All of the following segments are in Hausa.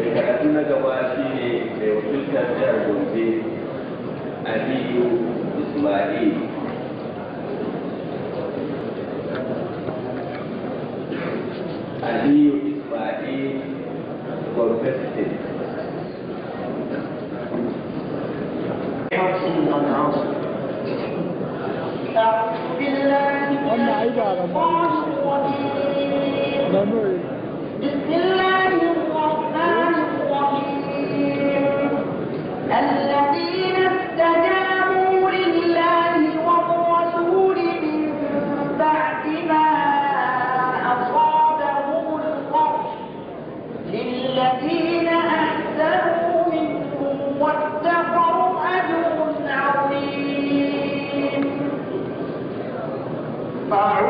mai karatu na gaba shi ne mai wakiltar jihar gombe aliyu ismail aliyu ismail gombe state أعوذ بالله من الشيطان Father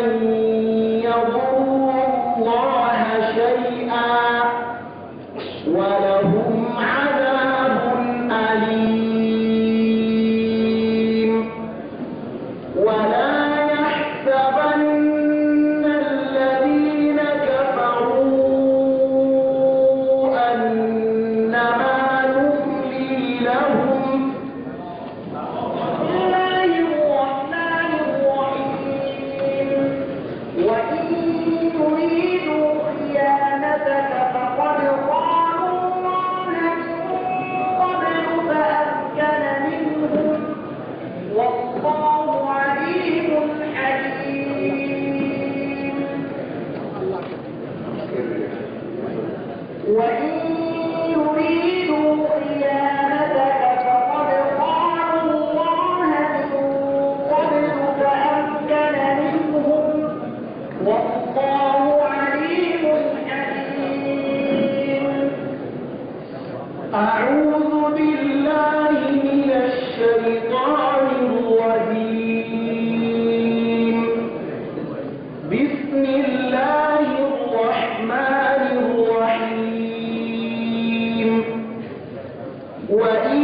أن وإن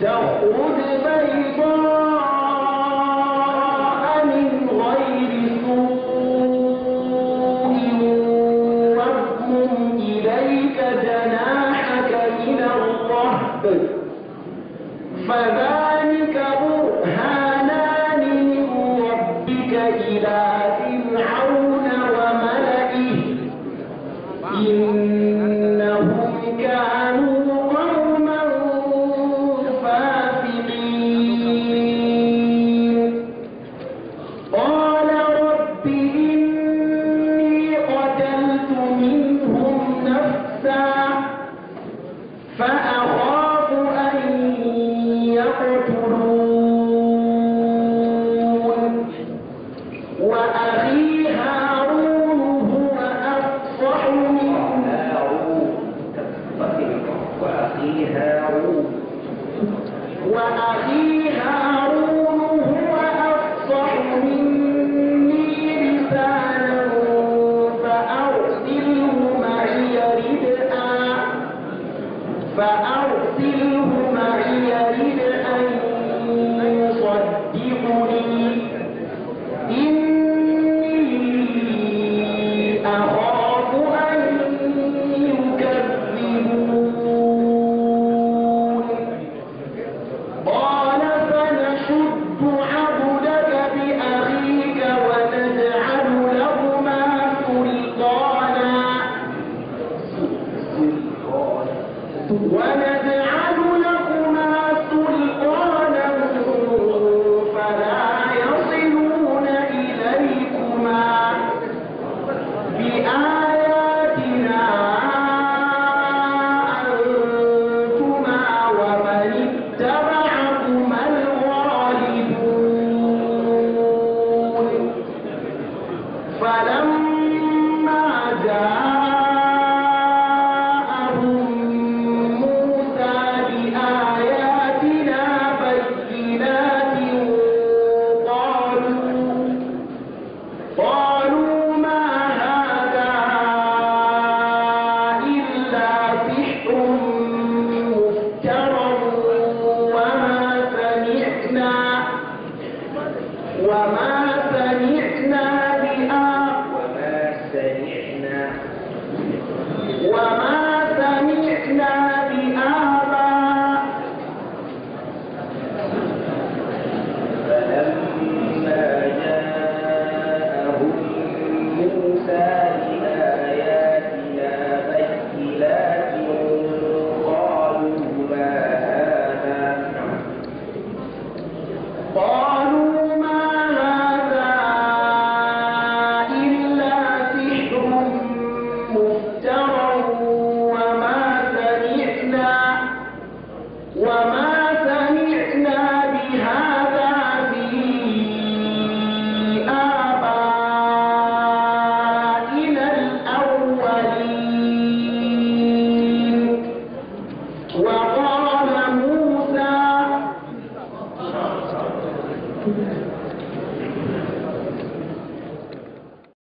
تخرج بيضاء